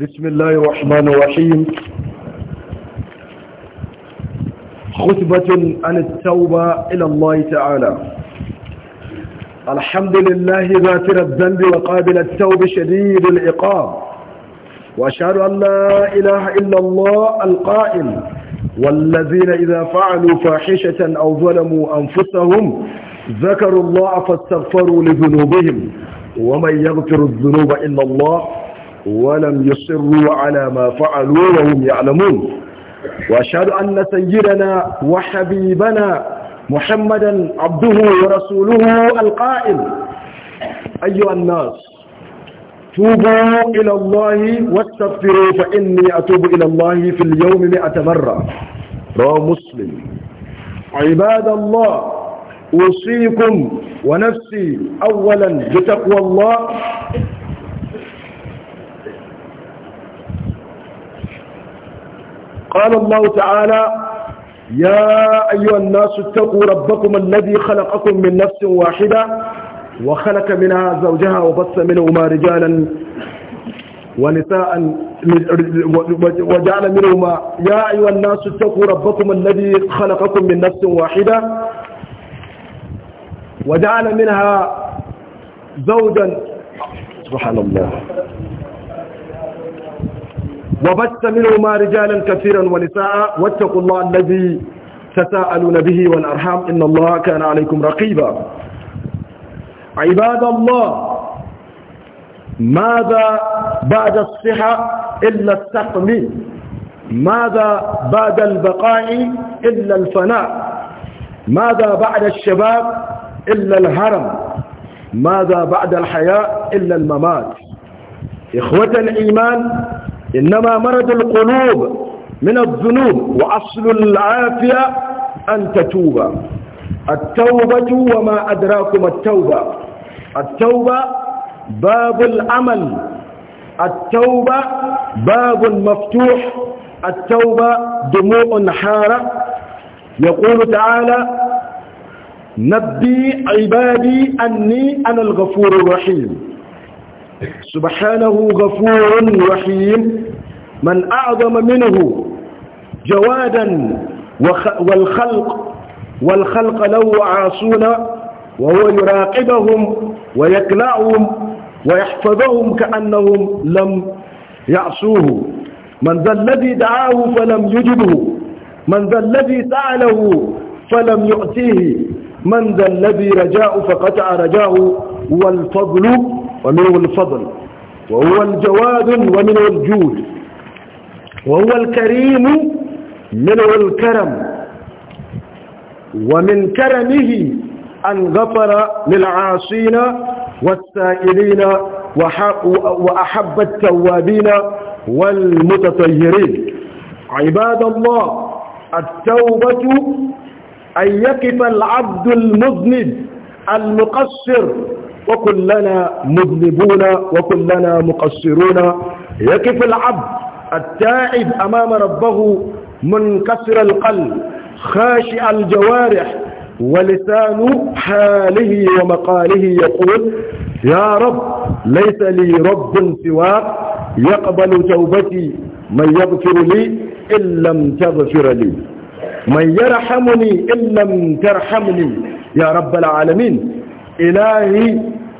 بسم الله الرحمن الرحيم خطبة عن التوبة إلى الله تعالى الحمد لله ذاتر الذنب وقابل التوب شديد العقاب وأشهد أن لا إله إلا الله القائل والذين إذا فعلوا فاحشة أو ظلموا أنفسهم ذكروا الله فاستغفروا لذنوبهم ومن يغفر الذنوب إلا الله ولم يصروا على ما فعلوا وهم يعلمون وأشهد أن سيدنا وحبيبنا محمدا عبده ورسوله القائل أيها الناس توبوا إلى الله واستغفروا فإني أتوب إلى الله في اليوم مئة مرة رواه مسلم عباد الله أوصيكم ونفسي أولا بتقوى الله قال الله تعالى يا أيها الناس اتقوا ربكم الذي خلقكم من نفس واحدة وخلق منها زوجها وبث منهما رجالا ونساء وجعل منهما يا أيها الناس اتقوا ربكم الذي خلقكم من نفس واحدة وجعل منها زوجا سبحان الله وبث منهما رجالا كثيرا ونساء واتقوا الله الذي تساءلون به والأرحام إن الله كان عليكم رقيبا عباد الله ماذا بعد الصحة إلا السقم ماذا بعد البقاء إلا الفناء ماذا بعد الشباب إلا الهرم ماذا بعد الحياة إلا الممات إخوة الإيمان إنما مرض القلوب من الذنوب وأصل العافية أن تتوب التوبة وما أدراكم التوبة التوبة باب العمل التوبة باب مفتوح التوبة دموع حارة يقول تعالى نبي عبادي أني أنا الغفور الرحيم سبحانه غفور رحيم من أعظم منه جوادا والخلق والخلق له عاصون وهو يراقبهم ويكلعهم ويحفظهم كأنهم لم يعصوه من ذا الذي دعاه فلم يجبه من ذا الذي سأله فلم يؤتيه من ذا الذي رجاء فقطع رجاءه والفضل ومنه الفضل وهو الجواد ومنه الجود وهو الكريم منه الكرم ومن كرمه أن غفر للعاصين والسائلين وأحب التوابين والمتطهرين عباد الله التوبة أن يقف العبد المذنب المقصر وكلنا مذنبون وكلنا مقصرون يقف العبد التائب أمام ربه منكسر القلب خاشع الجوارح ولسان حاله ومقاله يقول يا رب ليس لي رب سواك يقبل توبتي من يغفر لي إن لم تغفر لي من يرحمني إن لم ترحمني يا رب العالمين إلهي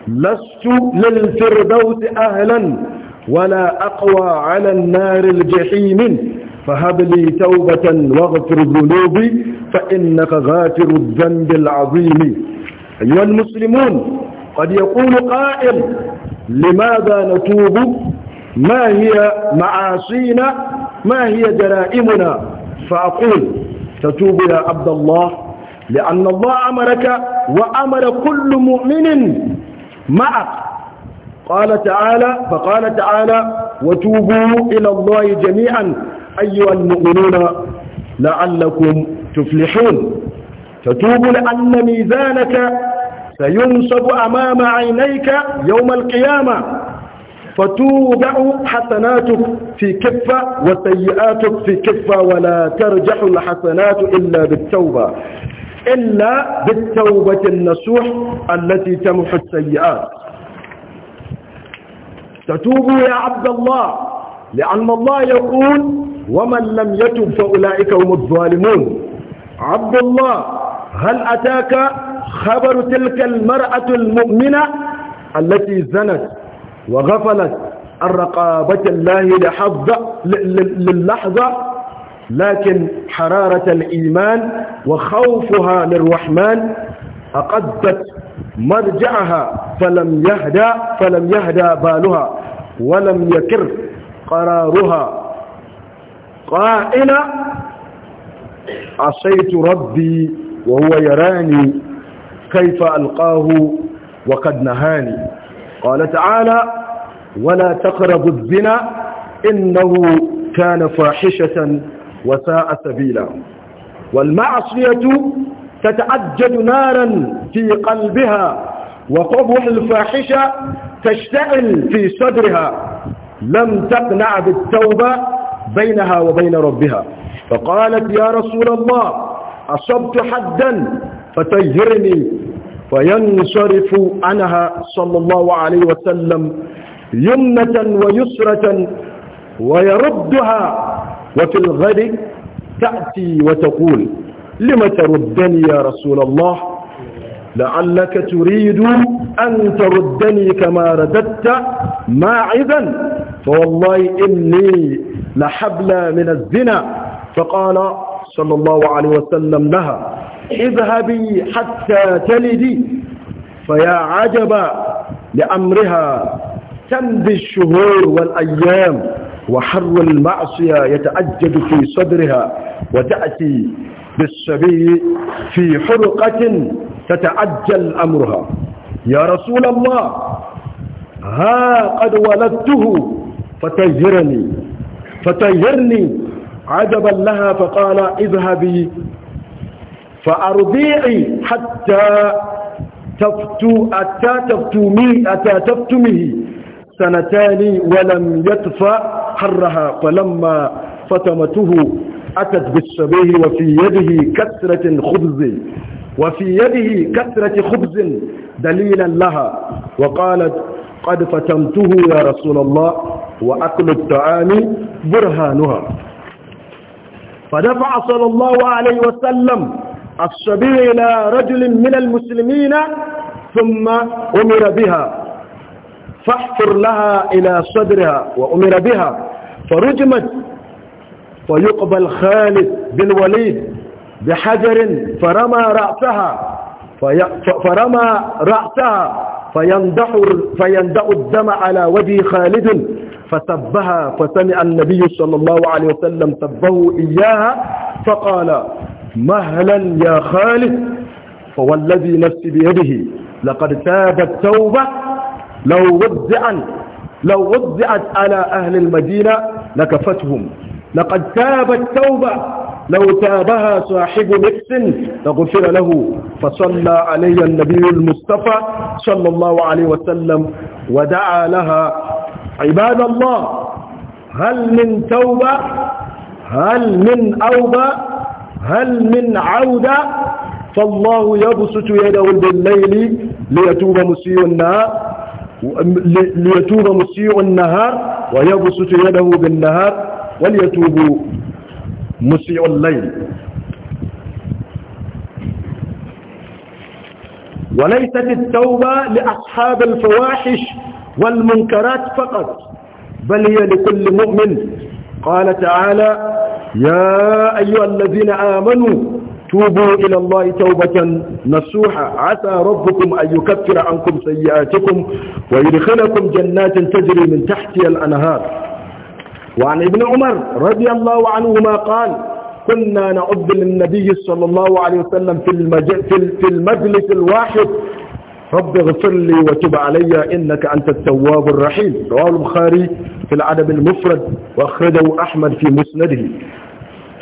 لست للفردوس أهلا ولا أقوى على النار الجحيم فهب لي توبة واغفر ذنوبي فإنك غافر الذنب العظيم أيها المسلمون قد يقول قائل لماذا نتوب ما هي معاصينا ما هي جرائمنا فأقول تتوب يا عبد الله لأن الله أمرك وأمر كل مؤمن معك قال تعالى فقال تعالى وتوبوا إلى الله جميعا أيها المؤمنون لعلكم تفلحون فتوب لأن ميزانك سينصب أمام عينيك يوم القيامة فتوضع حسناتك في كفة وسيئاتك في كفة ولا ترجح الحسنات إلا بالتوبة إلا بالتوبة النصوح التي تمحو السيئات فتوبوا يا عبد الله لأن الله يقول ومن لم يتب فأولئك هم الظالمون عبد الله هل أتاك خبر تلك المرأة المؤمنة التي زنت وغفلت الرقابة الله لحظة للحظة لكن حرارة الإيمان وخوفها للرحمن أقدت مرجعها فلم يهدى فلم يهدى بالها ولم يكر قرارها قائلة عصيت ربي وهو يراني كيف ألقاه وقد نهاني قال تعالى ولا تقربوا الزنا إنه كان فاحشة وساء سبيلا والمعصية تتأجج نارا في قلبها وقبح الفاحشة تشتعل في صدرها لم تقنع بالتوبة بينها وبين ربها فقالت يا رسول الله أصبت حدا فتيهرني فينصرف عنها صلى الله عليه وسلم يمنة ويسرة ويردها وفي الغد تأتي وتقول لم تردني يا رسول الله لعلك تريد أن تردني كما رددت ماعذا فوالله إني لحبلى من الزنا فقال صلى الله عليه وسلم لها اذهبي حتى تلدي فيا عجبا لأمرها تمضي الشهور والأيام وحر المعصية يتأجد في صدرها وتأتي بالسبي في حرقة تتعجل أمرها يا رسول الله ها قد ولدته فتيرني فتيرني عجبا لها فقال اذهبي فأرضيعي حتى تفتو أتى تفتمي أتى تفتمه سنتان ولم يدفع حرها فلما فتمته أتت بالشبيه وفي يده كثرة خبز وفي يده كثرة خبز دليلا لها وقالت قد فتمته يا رسول الله وأكل الطعام برهانها فدفع صلى الله عليه وسلم الشبيه إلى رجل من المسلمين ثم أمر بها فاحفر لها إلى صدرها وأمر بها فرجمت فيقبل خالد بالوليد بحجر فرمى رأسها في فرمى رأسها فيندح, فيندح الدم على وجه خالد فسبها فسمع النبي صلى الله عليه وسلم سبه إياها فقال مهلا يا خالد فوالذي نفسي بيده لقد تابت توبة لو وزعا لو وزعت على أهل المدينة لكفتهم لقد تابت توبة لو تابها صاحب نفس لغفر له فصلى علي النبي المصطفى صلى الله عليه وسلم ودعا لها عباد الله هل من توبة هل من أوبة هل من عودة فالله يبسط يده بالليل ليتوب مسيء النهار ليتوب مسيء النهار ويبسط يده بالنهار وليتوبوا مسيء الليل وليست التوبة لأصحاب الفواحش والمنكرات فقط بل هي لكل مؤمن قال تعالى يا أيها الذين آمنوا توبوا إلى الله توبة نصوحة عسى ربكم أن يكفر عنكم سيئاتكم ويدخلكم جنات تجري من تحتها الأنهار وعن ابن عمر رضي الله عنهما قال كنا نعد للنبي صلى الله عليه وسلم في, في المجلس الواحد رب اغفر لي وتب علي إنك أنت التواب الرحيم رواه البخاري في العدب المفرد وأخرجه أحمد في مسنده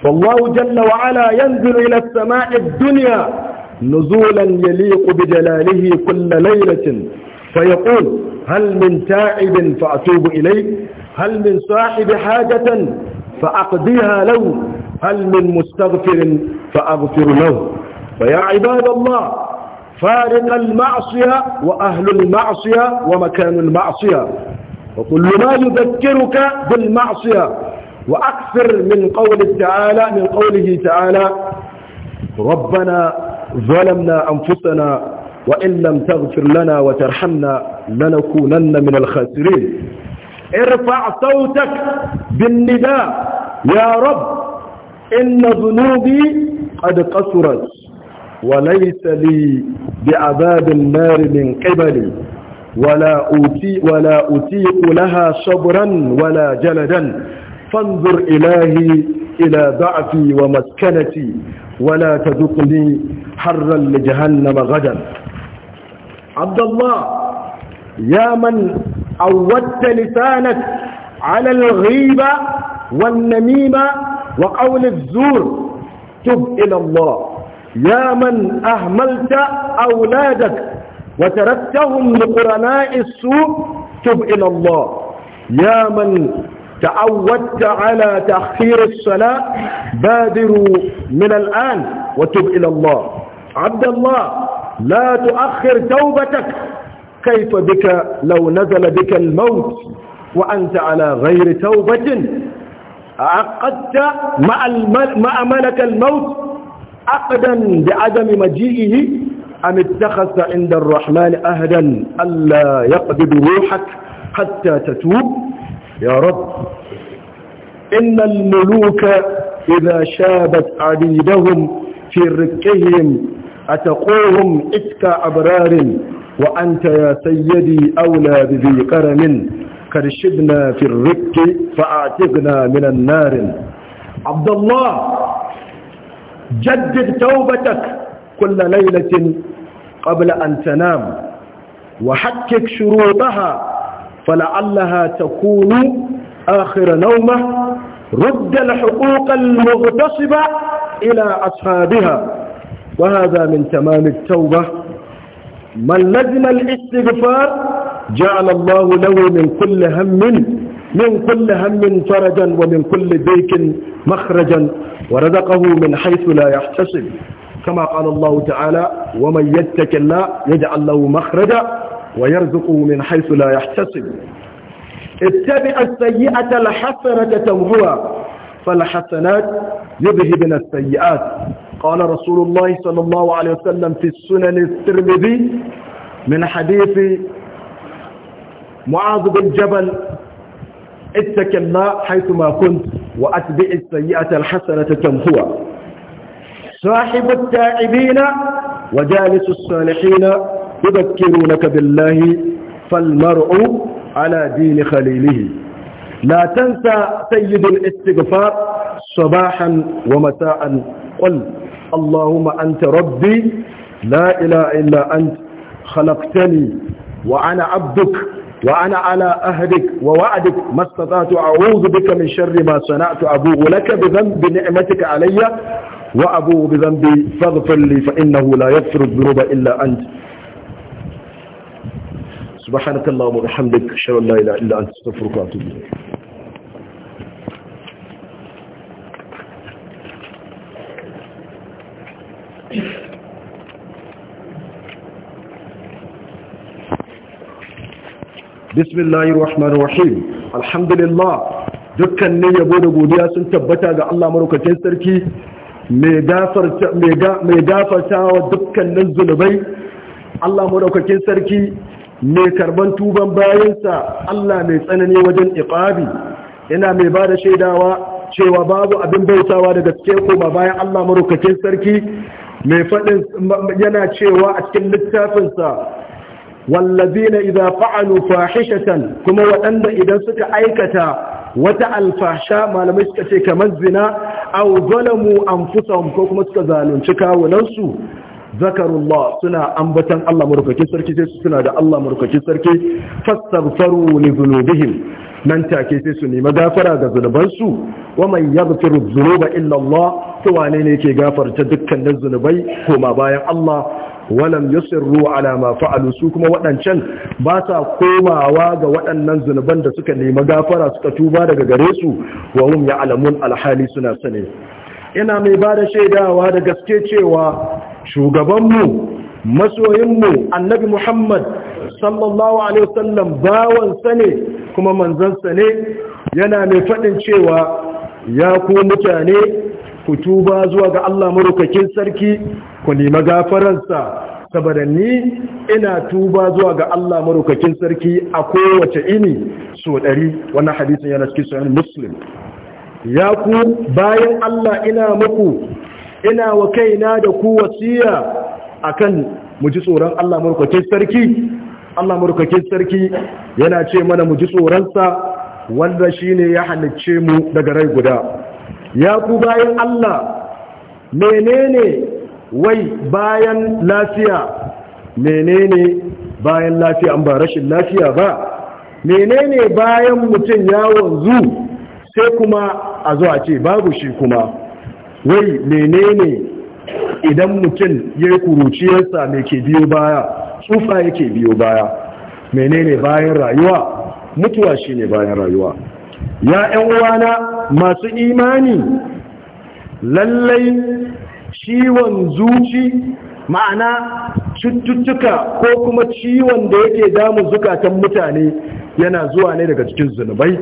والله جل وعلا ينزل إلى السماء الدنيا نزولا يليق بجلاله كل ليلة فيقول هل من تائب فأتوب إليه هل من صاحب حاجة فأقضيها له هل من مستغفر فأغفر له فيا عباد الله فارق المعصية وأهل المعصية ومكان المعصية وكل ما يذكرك بالمعصية وأكثر من قول تعالى من قوله تعالى ربنا ظلمنا أنفسنا وإن لم تغفر لنا وترحمنا لنكونن من الخاسرين ارفع صوتك بالنداء يا رب إن ذنوبي قد قصرت وليس لي بعذاب النار من قبلي ولا أتي ولا أتيق لها صبرا ولا جلدا فانظر إلهي إلى ضعفي ومسكنتي ولا تذقني حرا لجهنم غدا عبد الله يا من عودت لسانك على الغيبة والنميمة وقول الزور تب إلى الله يا من أهملت أولادك وتركتهم لقرناء السوء تب إلى الله يا من تعودت على تأخير الصلاة بادروا من الآن وتب إلى الله عبد الله لا تؤخر توبتك كيف بك لو نزل بك الموت وأنت على غير توبة عقدت مع, ملك الموت عقدا بعدم مجيئه أم اتخذت عند الرحمن أهدا ألا يقبض روحك حتى تتوب يا رب إن الملوك إذا شابت عبيدهم في ركهم أتقوهم إتك أبرار وأنت يا سيدي أولى بذي قرن كرشدنا في الرك فأعتقنا من النار عبد الله جدد توبتك كل ليلة قبل أن تنام وحكك شروطها فلعلها تكون آخر نومه رد الحقوق المغتصبة إلى أصحابها وهذا من تمام التوبة من لزم الاستغفار جعل الله له من كل هم من كل هم فرجا ومن كل ضيق مخرجا ورزقه من حيث لا يحتسب كما قال الله تعالى ومن يتك الله يجعل له مخرجا ويرزقه من حيث لا يحتسب اتبع السيئة الحسنة تمهوها فالحسنات يذهبن السيئات قال رسول الله صلى الله عليه وسلم في السنن الترمذي من حديث معاذ بن جبل اتك الله حيثما كنت وأتبع السيئة الحسنة تمحوها صاحب التائبين وجالس الصالحين يذكرونك بالله فالمرء على دين خليله لا تنسى سيد الاستغفار صباحا ومساء قل اللهم أنت ربي لا إله إلا أنت خلقتني وأنا عبدك وأنا على أهدك ووعدك ما استطعت أعوذ بك من شر ما صنعت أبوء لك بذنب نعمتك علي وأبوء بذنبي فاغفر لي فإنه لا يغفر الذنوب إلا أنت سبحانك اللهم وبحمدك اشهد ان لا اله الا انت استغفرك واتوب اليك Bismillahi rahmanir rahim alhamdulillah dukkanin yabo da godiya sun tabbata ga Allah marukacin sarki mai gafarta wa dukkanin zunubai Allah marukacin sarki mai karban tuban bayansa Allah mai tsanani wajen iqabi yana mai ba da shaidawa cewa babu abin bautawa da gaske koma bayan Allah marukacin sarki mai faɗin yana cewa a cikin littafinsa wallazina idza fa'alu fahishatan kuma waɗanda idan suka aikata wata alfasha malamai suka ce kamar zina aw zalamu anfusahum ko kuma suka zalunci kawunansu zakarullah suna ambatan Allah murkakin sarki sai suna da Allah murkakin sarki fastaghfiru li dhunubihim nan take sai su nemi gafara ga zunubansu wa man yaghfiru dhunuba illa Allah to wane ne yake gafarta dukkanin zunubai koma bayan Allah walam yusirru ala ma fa'alu su kuma waɗancan ba sa komawa ga waɗannan zunuban da suka nemi gafara suka tuba daga gare su wa hum ya'lamun alhali suna sane ina mai bada shaidawa da gaske cewa shugabanmu mu annabi Muhammad sallallahu alaihi wasallam bawan sane kuma manzon sane yana mai faɗin cewa ya ku mutane ku tuba zuwa ga Allah marukakin sarki ku nemi gafaransa saboda ni ina tuba zuwa ga Allah marukakin sarki a kowace ini so ɗari wannan hadisin yana cikin sayan muslim ya ku bayan Allah ina muku ina wa kaina da ku wasiya akan mu ji tsoron Allah marukakin sarki Allah marukakin sarki yana ce mana mu ji tsoronsa wanda shine ya halicce mu daga rai guda ya ku bayan Allah menene wai bayan lafiya menene bayan lafiya an ba rashin lafiya ba menene bayan mutum ya wanzu sai kuma a zo a ce babu shi kuma wai menene idan mutum ya yi kuruciyarsa mai ke biyo baya tsufa yake biyo baya menene bayan rayuwa mutuwa shi ne bayan rayuwa ya 'yan uwana masu imani lallai ciwon zuci ma'ana cututtuka ko kuma ciwon da yake damu zukatan mutane yana zuwa ne daga cikin zunubai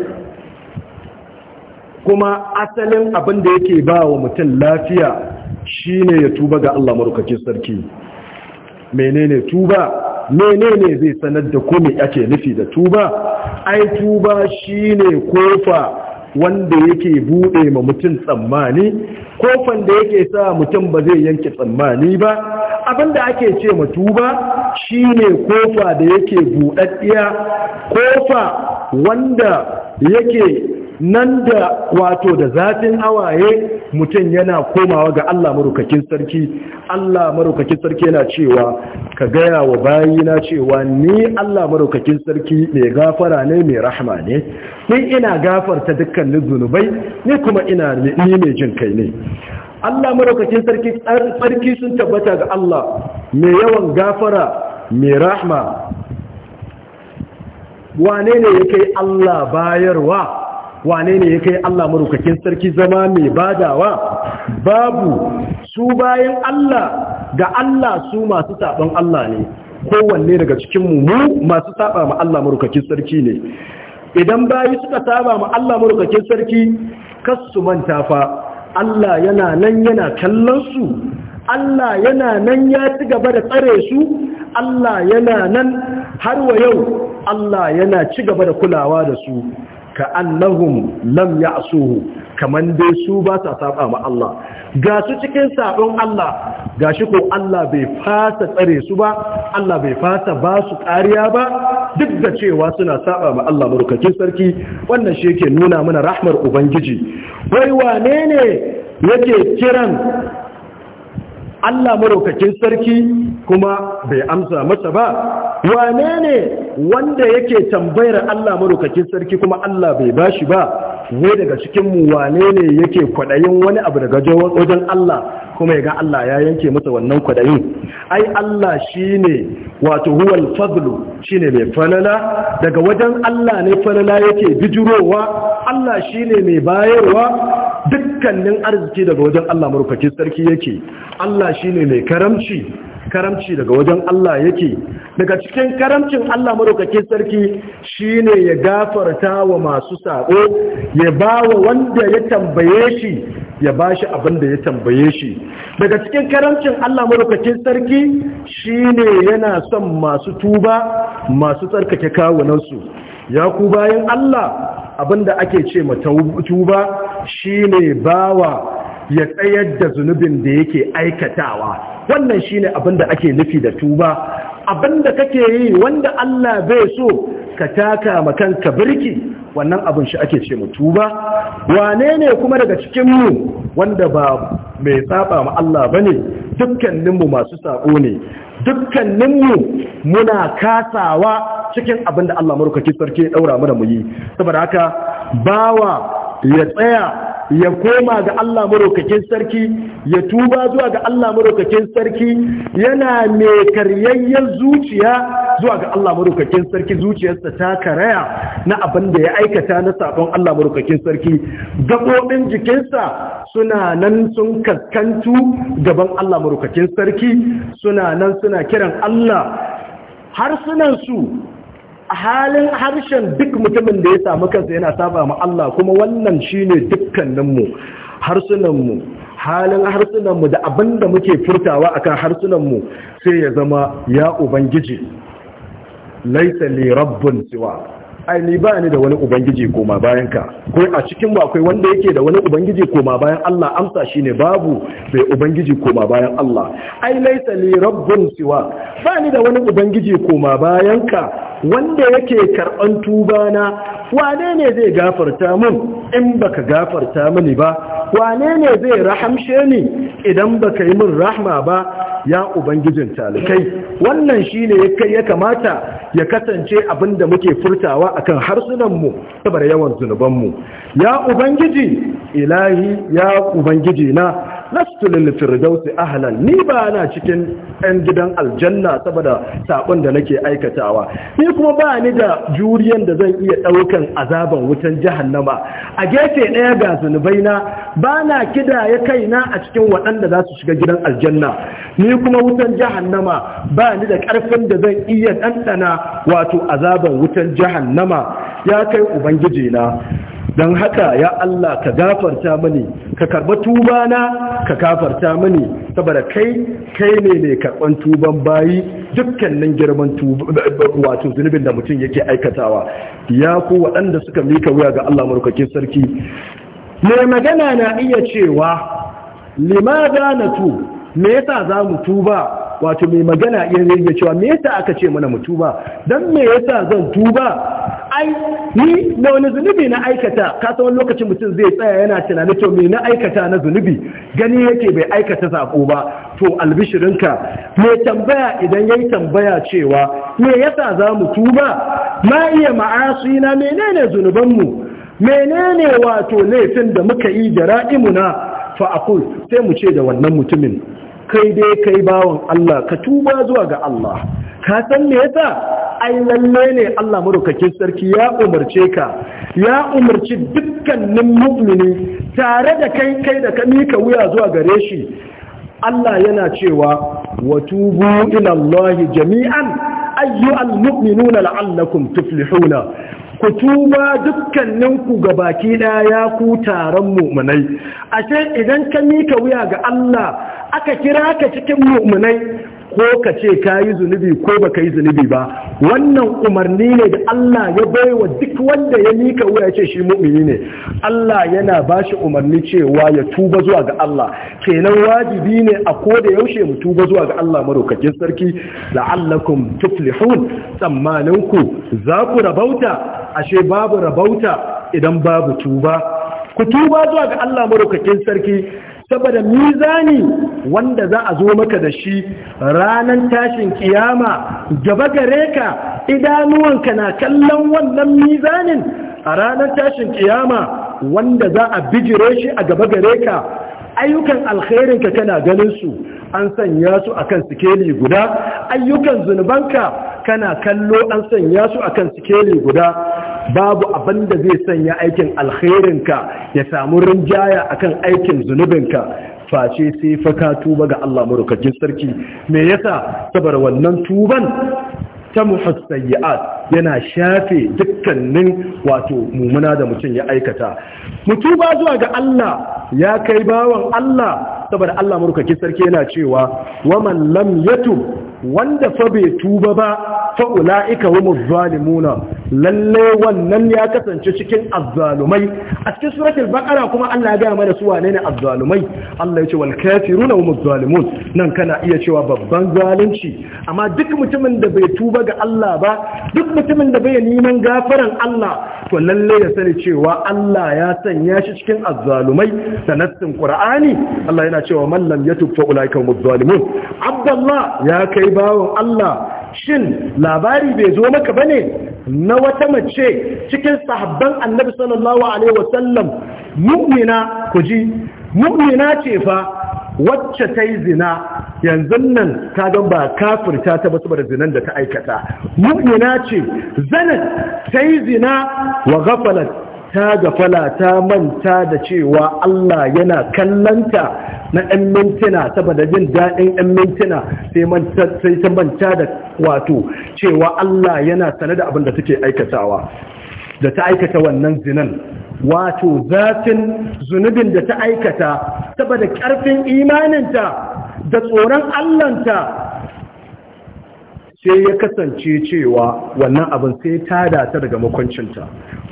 kuma asalin abin da yake ba wa mutum lafiya shine ya tuba ga Allah marukacin sarki menene tuba menene zai sanar da kome ake nufi da tuba ai tuba shine kofa wanda yake buɗe ma mutum tsammani kofan da yake sa mutum ba zai yanke tsammani ba abinda ake ce ma tuba shine kofa da yake buɗaɗɗiya kofa wanda yake nan da wato da zafin hawaye mutum yana komawa ga Allah marukakin sarki Allah marukakin sarki yana cewa ka gaya wa bayina cewa ni Allah marukakin sarki mai gafara ne mai rahama ne ni ina gafarta dukkanin zunubai ni kuma ina ni mai jin kai ne Allah marukakin sarki sarki sun tabbata ga Allah mai yawan gafara mai rahama wane ne yake Allah bayarwa wane ne ya kai Allah marukakin sarki zama mai badawa babu su bayan Allah ga Allah su masu taɓin Allah ne kowanne daga cikin mu masu taɓa ma Allah marukakin sarki ne idan bayi suka taɓa ma Allah marukakin sarki su manta fa Allah yana nan yana kallon su Allah yana nan ya ci gaba da tsare su Allah yana nan har wa yau Allah yana ci gaba da kulawa da su ka annahum lam asuhu, kamar dai su ba sa saba ma Allah ga su cikin sabon Allah gashi ko Allah bai fasa tsare su ba Allah bai fasa ba su kariya ba duk da cewa suna saba ma Allah marukakin sarki wannan shi yake nuna mana rahmar ubangiji wai wane ne yake kiran Allah maraukakin sarki kuma bai amsa masa ba wane ne wanda yake tambayar Allah maraukakin sarki kuma Allah bai bashi ba wai daga cikin mu wane ne yake kwadayin wani abu daga wajen Allah kuma ya ga Allah ya yanke masa wannan kwadayin ai Allah shine wato huwal fadlu shine mai falala daga wajen Allah ne falala yake bijirowa Allah shine mai bayarwa dukkanin arziki daga wajen Allah marufakin sarki yake Allah shine mai karamci karamci daga wajen Allah yake daga cikin karamcin Allah madaukake sarki shine ya gafarta wa masu saɓo, ya bawa wanda ya tambaye shi ya bashi abin da ya tambaye shi daga cikin karamcin Allah madaukakin sarki shine yana son masu tuba masu tsarkake kawunansu ya ku bayan Allah abin da ake ce ma tuba shine bawa ya tsayar da zunubin da yake aikatawa wannan shine abinda ake nufi da tuba Abinda kake yi wanda Allah bai so ka taka makan ka birki wannan abin shi ake ce mutuba tuba. wane ne kuma daga cikinmu wanda ba mai saba ma Allah ba ne dukkaninmu masu saƙo ne dukkaninmu muna kasawa cikin abin da Allah marukaki sarki ɗaura mana da mu saboda haka bawa ya tsaya ya koma ga Allah maraukakin sarki ya tuba zuwa ga Allah maraukakin sarki yana mai karyayyen zuciya zuwa ga Allah maraukakin sarki zuciyarsa ta karaya na abin da ya aikata na sabon Allah maraukakin sarki gaɓoɓin jikinsa suna nan sun kaskantu gaban Allah maraukakin sarki suna nan suna kiran Allah har sunansu. A halin harshen duk mutumin da ya samu kansa yana saba ma Allah kuma wannan shine dukkaninmu harsunanmu halin harsunanmu da abin da muke furtawa akan harsunanmu sai ya zama ya ubangiji laisa li rabbun siwa ai ni ba ni da wani ubangiji koma bayan ka ko a cikin ba akwai wanda yake da wani ubangiji koma bayan Allah amsa shine babu bai ubangiji koma bayan Allah ai laisa li rabbun siwa ba ni da wani ubangiji koma bayan ka wanda yake karban tuba na wane ne zai gafarta mun in baka gafarta mani ba wane ne zai rahamshe ni idan baka yi min rahma ba ya ubangijin talikai wannan shi ne ya kamata ya kasance abin da muke furtawa a akan harsunanmu saboda yawan zunubanmu ya ubangiji ilahi ya ubangiji na lastu firdausi ahlan ni ba na cikin 'yan gidan aljanna saboda sabon da nake aikatawa ni kuma ba ni da juriyan da zan iya ɗaukan azaban wutan jahannama a gefe ɗaya ga zunubaina ba na kidaya kaina a cikin waɗanda za su shiga gidan aljanna ni ni kuma wutan jahannama ba ni da ƙarfin da zan iya ɗanɗana wato azaban wutan jahannama ya kai ubangiji na don haka ya Allah ka gafarta mani ka karba tuba na ka gafarta mani saboda kai kai ne mai karban tuban bayi dukkanin girman wato zunubin da mutum yake aikatawa ya ku waɗanda suka mika wuya ga Allah marukakin sarki mai magana na iya cewa limaza na tu me yasa za mu tuba wato mai magana iya zai cewa me yasa aka ce mana mu tuba dan me yasa zan tuba ai ni na wani zunubi na aikata ka wani lokacin mutum zai tsaya yana tunanin to me na aikata na zunubi gani yake bai aikata sako ba to albishirinka me tambaya idan yayi tambaya cewa me yasa za mu tuba ma iya na menene zunuban mu? menene wato laifin da muka yi da ra'imuna fa aqul sai mu ce da wannan mutumin kai dai kai bawan Allah ka tuba zuwa ga Allah ka san me yasa ai lalle ne Allah madaukakin sarki ya umarce ka ya umarci dukkanin mu'mini tare da kai kai da ka mika wuya zuwa gare shi Allah yana cewa wa tubu ila Allah jami'an ayyuhal mu'minuna la'allakum tuflihuna ku tuba dukkaninku ga baki ɗaya ku taron mu'minai ashe idan ka mika wuya ga Allah aka kira ka cikin mu'minai ko ka ce ka yi zunubi ko baka yi zunubi ba wannan umarni ne da Allah ya baiwa duk wanda ya mika wuya ce shi mu'mini ne Allah yana ba shi umarni cewa ya tuba zuwa ga Allah kenan wajibi ne a ko da yaushe mu tuba zuwa ga Allah maraukakin sarki la'allakum tuflihun tsammanin ku za ku rabauta ashe babu rabauta idan babu tuba ku tuba zuwa ga Allah maraukakin sarki saboda mizani wanda za a zo maka da shi ranar tashin kiyama gaba gare ka idanuwanka na kallon wannan mizanin a ranar tashin kiyama wanda za a bijire shi a gaba gare ka ayyukan alkhairinka kana ganin su an sanya su akan sikeli guda ayyukan zunubanka kana kallo an sanya su akan sikeli guda babu abin da zai sanya aikin alkhairinka ya samu rinjaya akan aikin zunubinka face sai faka tuba ga Allah marukakin sarki me yasa saboda wannan tuban ta muhassayi'at yana shafe dukkanin wato mumuna da mutum ya aikata mu tuba zuwa ga Allah ya kai bawan Allah saboda Allah murkaki sarki yana cewa waman lam yatub wanda fa bai tuba ba fa ulaika humu zalimuna lalle wannan ya kasance cikin azzalumai a cikin suratul baqara kuma Allah ya ga mana su wane ne azzalumai Allah ya ce wal kafiruna humu zalimun nan kana iya cewa babban zalunci amma duk mutumin da bai tuba ga Allah ba duk mutumin da bai neman gafaran Allah to lalle ya sani cewa Allah ya sanya shi cikin azzalumai da nassin Qur'ani Allah yana cewa man lam yatub fa ulaika humuz zalimun Abdullah ya kai bawon Allah shin labari bai zo maka bane na wata mace cikin sahabban annabi sallallahu alaihi wasallam mu'mina kuji mu'mina ce fa wacce ta yi zina yanzu nan ta don ba kafirta ta basu da zinan da ta aikata mu'mina ce zanat ta yi zina wa gafalat ta gafala ta manta da cewa Allah yana kallanta na ɗan mintuna saboda jin daɗin ɗan mintuna sai ta manta da wato cewa Allah yana sane da abin da take aikatawa da ta aikata wannan zinan wato zafin zunubin da ta aikata saboda ƙarfin imaninta da tsoron allanta sai ya kasance cewa wannan abin sai ta data daga makwancinta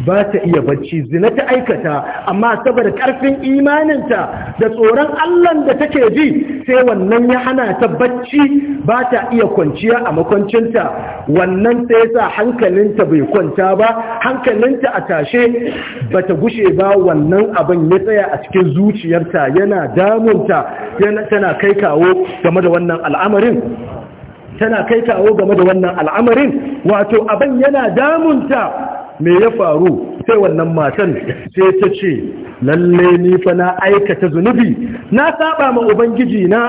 ba ta iya bacci zina ta aikata amma saboda ƙarfin imaninta da tsoron allon da take ji sai wannan ya hana ta bacci ba ta iya kwanciya a makwancinta wannan sai sa hankalinta bai kwanta ba hankalinta a tashe ba ta gushe ba wannan abin ya tsaya a cikin zuciyarta yana damunta tana kai kawo game da wannan al'amarin tana kai kawo game da wannan al'amarin wato abin yana damunta me ya faru sai wannan matan sai ta ce lalle ni fa na aikata zunubi na saba ma ubangiji na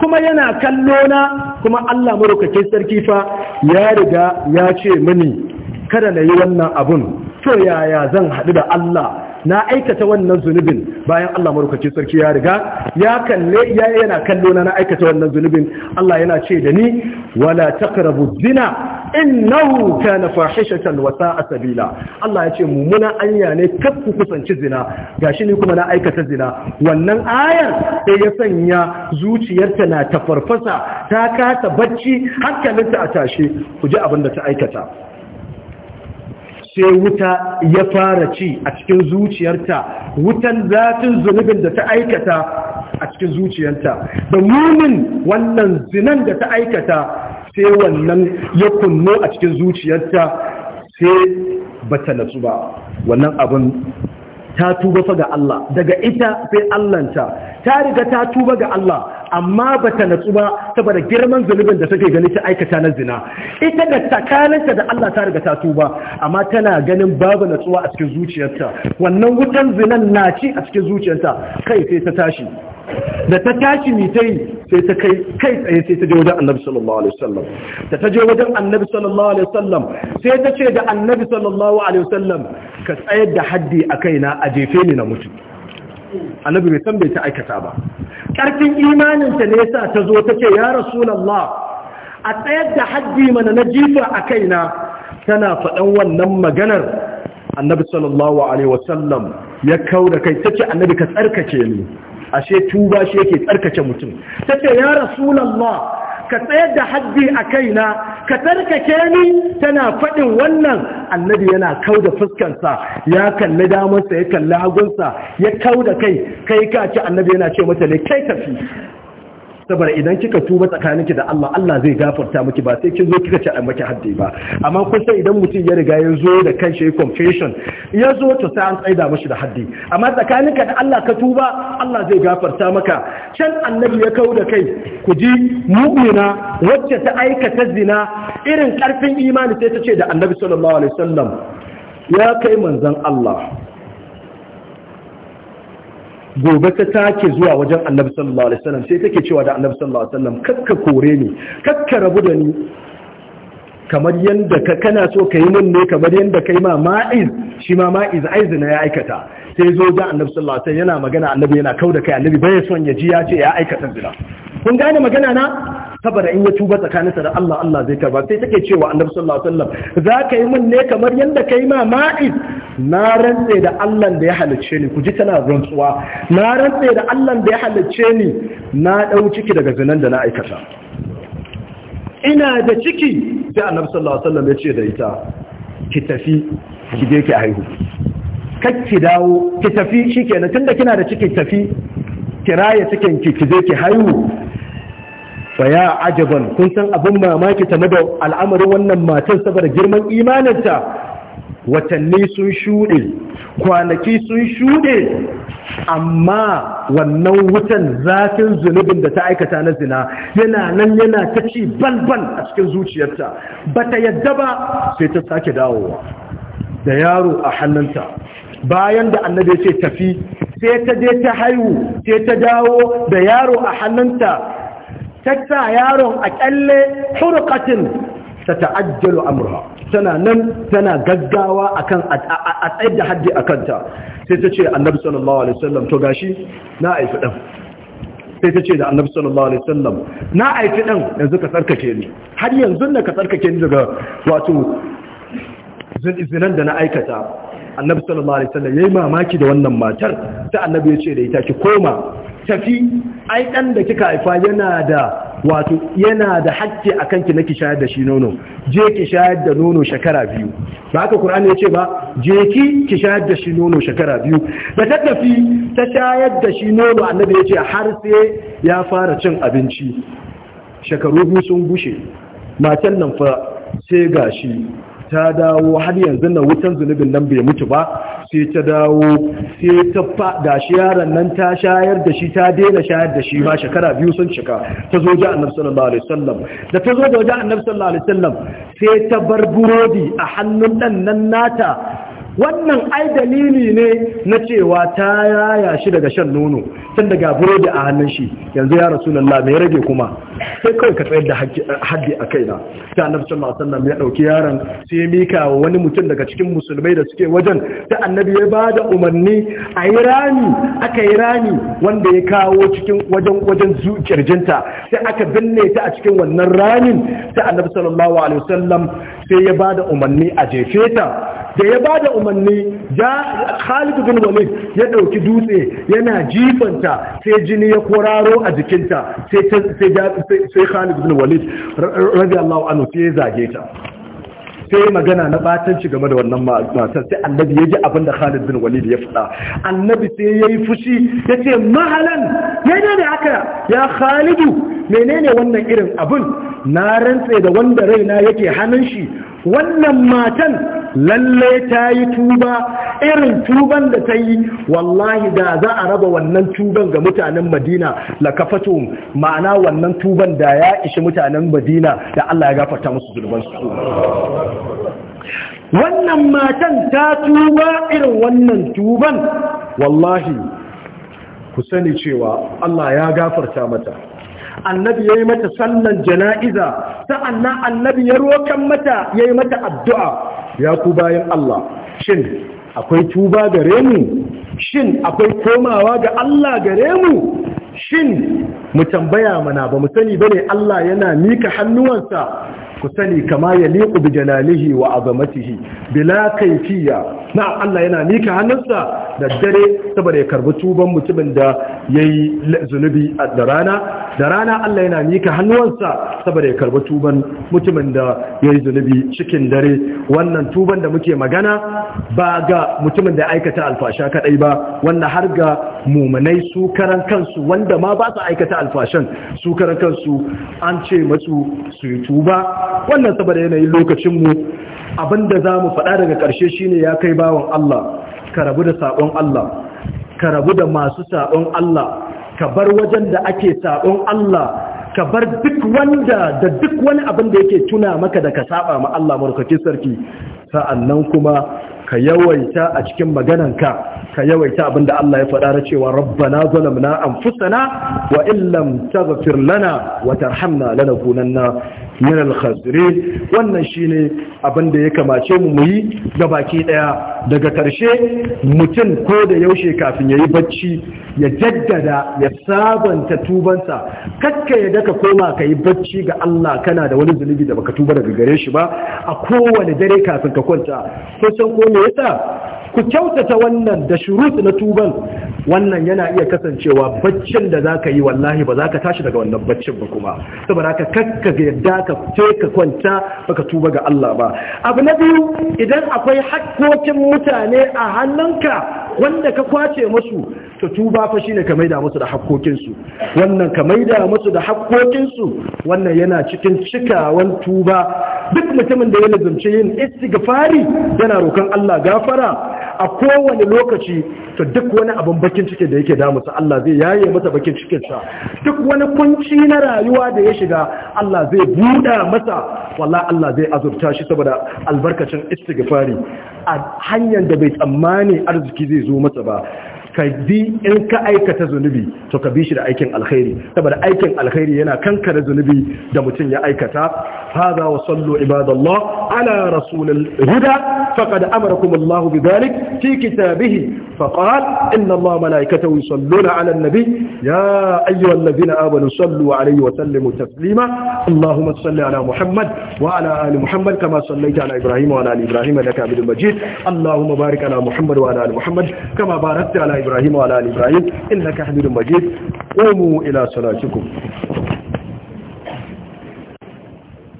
kuma yana kallo na kuma Allah madaukakin sarki fa ya riga ya ce mini kada na yi wannan abun to yaya zan haɗu da Allah na aikata wannan zunubin bayan Allah marukacin sarki ya riga ya kalle ya yana kallo na aikata wannan zunubin Allah yana ce da ni wala taqrabu zina innahu kana fahishatan wa sa'a sabila Allah ya ce mummuna anya ne ku kusanci zina gashi ne kuma na aikata zina wannan ayar sai ya sanya zuciyarta na tafarfasa ta kasa bacci hankalinta a tashe ku ji abin da ta aikata sai wuta ya fara ci a cikin zuciyarta wutan zatin zunubin da ta aikata a cikin zuciyarta da munin wannan zinan da ta aikata sai wannan ya kunno a cikin zuciyarta sai bata natsu ba wannan abin ta tuba ga Allah daga ita sai Allahnta ta riga ta tuba ga Allah amma ba ta natsu ba saboda girman zunubin da take gani ta aikata na zina ita da tsakaninta da Allah ta riga ta tuba amma tana ganin babu natsuwa a cikin zuciyarta wannan wutan zinan na ci a cikin zuciyarta kai sai ta tashi da ta tashi ne ta yi sai ta kai kai tsaye sai ta je wajen annabi sallallahu alaihi wasallam da ta je wajen annabi sallallahu alaihi wasallam sai ta ce da annabi sallallahu alaihi wasallam ka tsayar da haddi a kaina a jefe ni na mutu annabi bai san bai ta aikata ba karfin imaninta ne yasa ta zo ta ce ya rasulullah a tsayar da haddi mana na jifa a kaina tana faɗan wannan maganar annabi sallallahu alaihi wasallam ya kau da kai tace annabi ka tsarkake ni ashe tuba shi yake tsarkake mutum tace ya rasulullah ka tsayar da haddi a kaina ka tsarkake ni tana faɗin wannan annabi yana kau da fuskarsa ya kalli damarsa, ya kalli hagunsa ya kau da kai kai ka ci annabi yana ce mata ne kai tafi saboda idan kika tuba tsakaninki da Allah Allah zai gafarta miki ba sai kin zo kika ci a maki haddi ba amma kun san idan mutum ya riga ya zo da kanshi ya confession ya zo to sai an tsaida mishi da haddi amma ka da Allah ka tuba Allah zai gafarta maka can annabi ya kawo da kai ku ji mu'mina wacce ta aikata zina irin karfin imani sai ta ce da annabi sallallahu alaihi wasallam ya kai manzon Allah gobe ta take zuwa wajen annabi sallallahu alaihi wasallam sai take cewa da annabi sallallahu alaihi wasallam kakka kore ni kakka rabu da ni kamar yadda ka kana so ka yi min ne kamar yadda kai ma ma'iz shi ma ma'iz aizina ya aikata sai zo da annabi sallallahu alaihi yana magana annabi yana kau da kai annabi bai son ya ji ya ce ya aikata zina kun gane magana na saboda in ya tuba tsakaninsa da Allah Allah zai karba sai take cewa annabi sallallahu alaihi wasallam za ka yi min ne kamar yadda kai ma ma'iz na rantse da Allah da ya halicce ni ku ji tana rantsuwa na rantse da Allah da ya halicce ni na dau ciki daga zinan da na aikata ina da ciki sai annabi sallallahu alaihi wasallam ya ce da ita ki tafi ki je ki haihu ki dawo ki tafi shikenan tunda kina da ciki tafi kiraya cikin ki ki je ki haihu ya ajaban kun san abin mamaki ta da al'amarin wannan matan saboda girman imanin ta watanni sun shuɗe kwanaki sun shuɗe amma wannan wutan zafin zunubin da ta aikata na zina yana nan yana ta ci balbal a cikin zuciyarta ba ta yadda ba sai ta sake dawowa da yaro a hannunta bayan da annabi ce tafi sai ta je ta haihu sai ta dawo da yaro a hannunta ta sa yaron a kyalle hurkatin ta ta'ajjalu amurha tana nan tana gaggawa a kan a tsaye da haddi a kanta sai ta ce annabi sallallahu alaihi sallam to gashi na aifi dan sai ta ce da annabi sallallahu alaihi sallam na aifi ɗan yanzu ka tsarkake ni har yanzu na ka tsarkake ni daga wato zinan da na aikata annabi sallallahu alaihi wasallam yayi mamaki da wannan matar sai annabi ya ce da ita ki koma tafi ai dan da kika haifa yana da wato yana da hakki a kanki na ki shayar da shi nono je ki shayar da nono shekara biyu ba haka Qur'ani ya ce ba je ki ki shayar da shi nono shekara biyu da ta tafi ta shayar da shi nono annabi ya ce har sai ya fara cin abinci shekaru biyu sun bushe matan nan fa sai gashi ta dawo har yanzu na wutan zunubin nan bai mutu ba sai ta dawo sai ta fada shi yaron nan ta shayar da shi ta daina shayar da shi ma shekara biyu sun cika ta zo ji annabi sallallahu alaihi wasallam da ta zo da wajen annabi sallallahu alaihi wasallam sai ta bar burodi a hannun nan nan nata wannan ai dalili ne na cewa ta yaya shi daga shan nono tun daga burodi a hannun shi yanzu ya rasu rasulullah mai rage kuma sai kawai ka tsayar da haddi a kaina ta annabi sallallahu nan ya ɗauki yaron sai mika wa wani mutum daga cikin musulmai da suke wajen ta annabi ya ba da umarni a yi rami aka yi rami wanda ya kawo cikin wajen wajen kirjinta sai aka binne ta a cikin wannan ramin ta annabi sallallahu alaihi wasallam sai ya ba da umarni a jefe ta da ya ba da umarni ya Khalid bin Walid ya dauki dutse yana jifanta sai jini ya koraro a jikinta sai sai Khalid bin Walid radiyallahu anhu sai zage ta sai magana na batanci game da wannan matar sai annabi ya ji abin da Khalid bin Walid ya faɗa annabi sai yayi fushi yace mahalan menene haka ya Khalidu menene wannan irin abun? na rantse da wanda raina yake hannun shi wannan matan lalle ta yi tuba irin tuban da ta yi wallahi da za a raba wannan tuban ga mutanen madina la kafato ma'ana wannan tuban da ya ishi mutanen madina da Allah ya gafarta musu zurban su wannan matan ta tuba irin wannan tuban wallahi ku sani cewa Allah ya gafarta mata annabi ya yi mata sannan jana'iza sa'annan annabi ya rokan mata ya yi mata addu'a ya ku bayan Allah shin akwai tuba gare mu shin akwai komawa ga Allah gare mu shin mu tambaya mana ba mu sani ne? Allah yana mika hannuwansa ku sani kama ya liƙu bi jalalihi wa azamatihi bila kaifiya na Allah yana mika hannunsa da dare saboda ya karbi tuban mutumin da yayi zunubi da rana da rana Allah yana mika hannuwansa saboda ya karbi tuban mutumin da yayi zunubi cikin dare wannan tuban da muke magana ba ga mutumin da ya aikata alfasha kadai ba wannan har ga mumanai su karan kansu wanda ma ba su aikata alfashan su karan kansu an ce masu su yi tuba wannan saboda yanayin lokacinmu abinda za mu faɗa daga ƙarshe shine ya kai bawan Allah ka rabu da saƙon Allah ka rabu da masu saƙon Allah ka bar wajen da ake saƙon Allah ka bar duk wanda da duk wani abin da yake tuna maka da ka saba ma Allah murkaki sarki sa'annan kuma ka yawaita a cikin magananka ka yawaita abin da Allah ya faɗa na cewa rabbana zalamna anfusana wa illam taghfir lana wa tarhamna lanakunanna min al wannan shine abin da ya kamace mu muyi ga baki daya daga karshe mutum ko da yaushe kafin yayi bacci ya jaddada ya sabanta tubansa kakka ya daka koma kai bacci ga Allah kana da wani zunubi da baka tuba daga gare shi ba a kowane dare kafin ka kwanta kusan ko me yasa ku kyautata wannan da shurut na tuban wannan yana iya kasancewa baccin da za ka yi wallahi ba za ka tashi daga wannan baccin ba kuma saboda ka kakka ga yadda ka ce ka kwanta baka tuba ga Allah ba abu na biyu idan akwai hakkokin mutane a hannunka wanda ka kwace musu to tuba fa shine ka maida musu da hakkokin su wannan ka maida musu da hakkokin su wannan yana cikin cikawan tuba duk mutumin da ya lazumci yin istighfari yana roƙon Allah gafara a kowane lokaci to duk wani abin bakin ciki da yake damu damusa Allah zai yaye masa bakin cikinsa duk wani kunci na rayuwa da ya shiga Allah zai buɗa masa wallahi Allah zai azurta shi saboda albarkacin istighfari a hanyar da bai tsammani arziki zai zo masa ba ka bi in ka aikata zunubi to ka bi shi da aikin alkhairi saboda aikin alkhairi yana kankare zunubi da mutum ya aikata هذا وصلوا عباد الله على رسول الهدى فقد أمركم الله بذلك في كتابه فقال إن الله ملائكته يصلون على النبي يا أيها الذين آمنوا صلوا عليه وسلموا تسليما اللهم صل على محمد وعلى آل محمد كما صليت على إبراهيم وعلى آل إبراهيم إنك عبد المجيد اللهم بارك على محمد وعلى آل محمد كما باركت على إبراهيم وعلى آل إبراهيم إنك حميد مجيد قوموا إلى صلاتكم